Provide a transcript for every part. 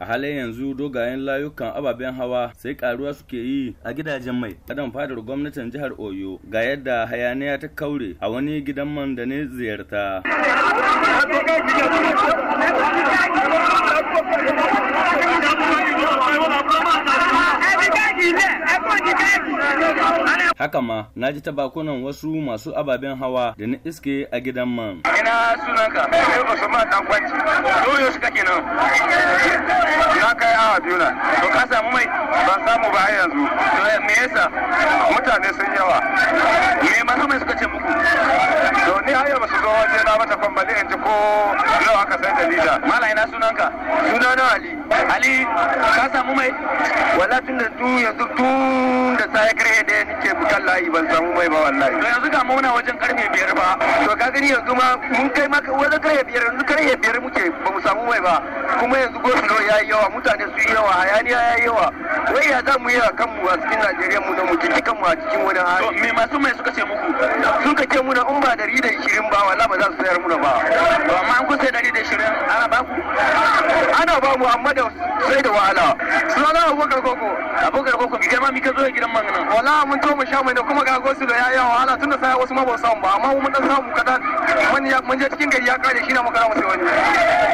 a halin yanzu dogayen layukan ababen hawa sai karuwa suke yi a gidajen mai adam fadar gwamnatin jihar oyo ga yadda hayaniya ta kaure a wani gidan man da ne ziyarta haka ma na ji tabakunan wasu masu ababen hawa da na iske a gidan man. Ina sunanka, eh, Usman Dankwanci, doyo suka kenan. awa biyu na to ka samu mai ban samu ba yanzu to me yasa mutane sun yawa me masu mai suka ce muku to ni har yau ba su zo waje na mata kwambali in ji ko Khadija. mala ina sunanka na ali ali ka samu mai wala tun da tun yanzu tun da ta ya karfe da nake bukan layi ban samu mai ba wallahi to yanzu ga muna wajen karfe biyar ba to ka gani yanzu ma mun kai maka wajen karfe biyar yanzu karfe biyar muke ba mu samu mai ba kuma yanzu gosulo ya yi yawa mutane su yi yawa hayaniya ya yi yawa wai ya za mu yi a kanmu a cikin najeriya mu da mu jiki kanmu a cikin wani hali me masu mai suka ce muku sun ka ce muna in ba dari da ishirin ba wala ba za su sayar muna ba to amma an kusa dari da shirin ana ba ku ana ba mu amma da sai da wahala suna na abubakar koko abubakar koko ki jama mi ka zo gidan mangana. wala mun to mu sha mai da kuma ga gosu da yayi wahala tunda sai wasu ma ba samu ba amma mun dan samu kadan mun ya mun je cikin gari ya kare shi na muka ramu sai wani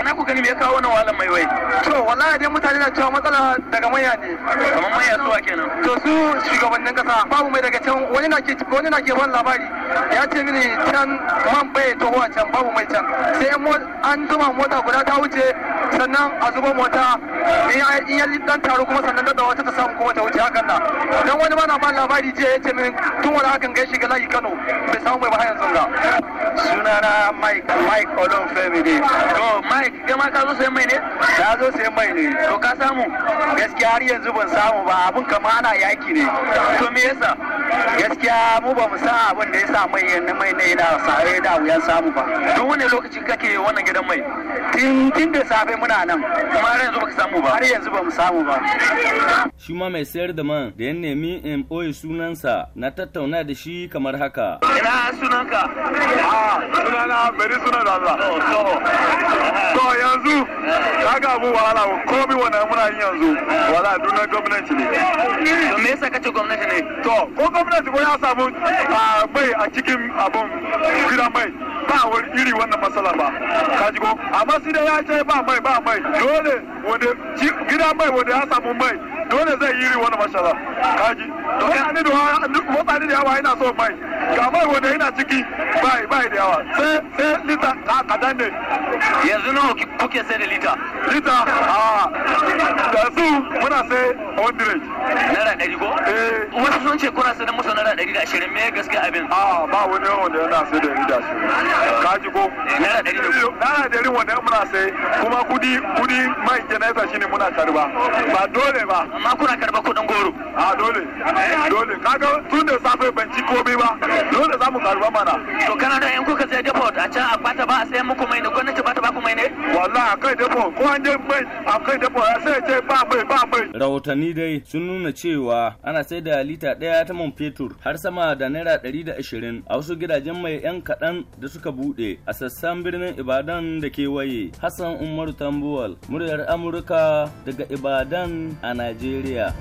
na ku gani me ya kawo wannan wahalan mai wai to wallahi dai mutane na cewa matsala daga maya ne kamar maya suwa kenan to su shugabannin kasa babu mai daga can wani na ke wani na ke labari ya ce mini can man bai tohuwa can babu mai can sai an gama mota guda ta wuce sannan a zuba mota in ya dan taru kuma sannan da wata ta samu kuma ta wuce hakan na dan wani ma na ba labari je ya ce min tun wani hakan gaishe ga layi Kano bai samu mai ba yanzu ga sunana mike mike olon family to mike kai ma ka zo sayan mai ne na zo sayan mai ne to ka samu gaskiya har yanzu ban samu ba abun kama ana yaki ne to me yasa gaskiya mu ba mu san abin da ya sa mai yana mai ne yana sare da wuyan samu ba duk wani lokaci kake wannan gidan mai tun tun da safe muna nan kuma har yanzu baka samu ba har yanzu ba mu samu ba shi ma mai sayar da man da ya nemi in boye sunansa na tattauna da shi kamar haka ina sunanka ah, sunana bari suna da za to yanzu kaga abu wahala ko bi wani muna yin yanzu wala duna gwamnati ne to me yasa kace gwamnati ne to ko gwamnati ko ya samu bai a cikin abun gidan mai ba wani iri wannan matsala ba ka ji ko amma sai dai ya ce ba mai ba mai dole wanda gidan mai wanda ya samu mai dole zai yi iri wannan matsala ka ji to mutane da yawa yana so mai kamar wanda yana ciki bai bai da yawa sai sai lita ka kadan ne yanzu nawa kuke sai da lita lita a da su muna sai 100 naira 100 ko eh wasu sun ce kuna sai da musu naira 120 me gaskiya abin a ba wani wanda yana sai da 120 ka ji ko eh, naira 100 naira 100 wanda muna sai kuma kudi kudi mai janaza shine muna karba ba dole ba amma kuna karba kudin goro a dole eh. dole kaga tun da safe ban ci komai ba dole za mu karuwa mana to kana da in kuka sai depo a can a bata ba a sayan muku mai ne gwamnati bata ba ku mai ne wallahi akai depo ko an je mai akai depo a sai ce ba mai ba mai rahotanni dai sun nuna cewa ana sai da lita ɗaya ta man fetur har sama da naira ɗari da ashirin a wasu gidajen mai yan kaɗan da suka buɗe a sassan birnin ibadan da kewaye hassan umaru tambuwal muryar amurka daga ibadan a najeriya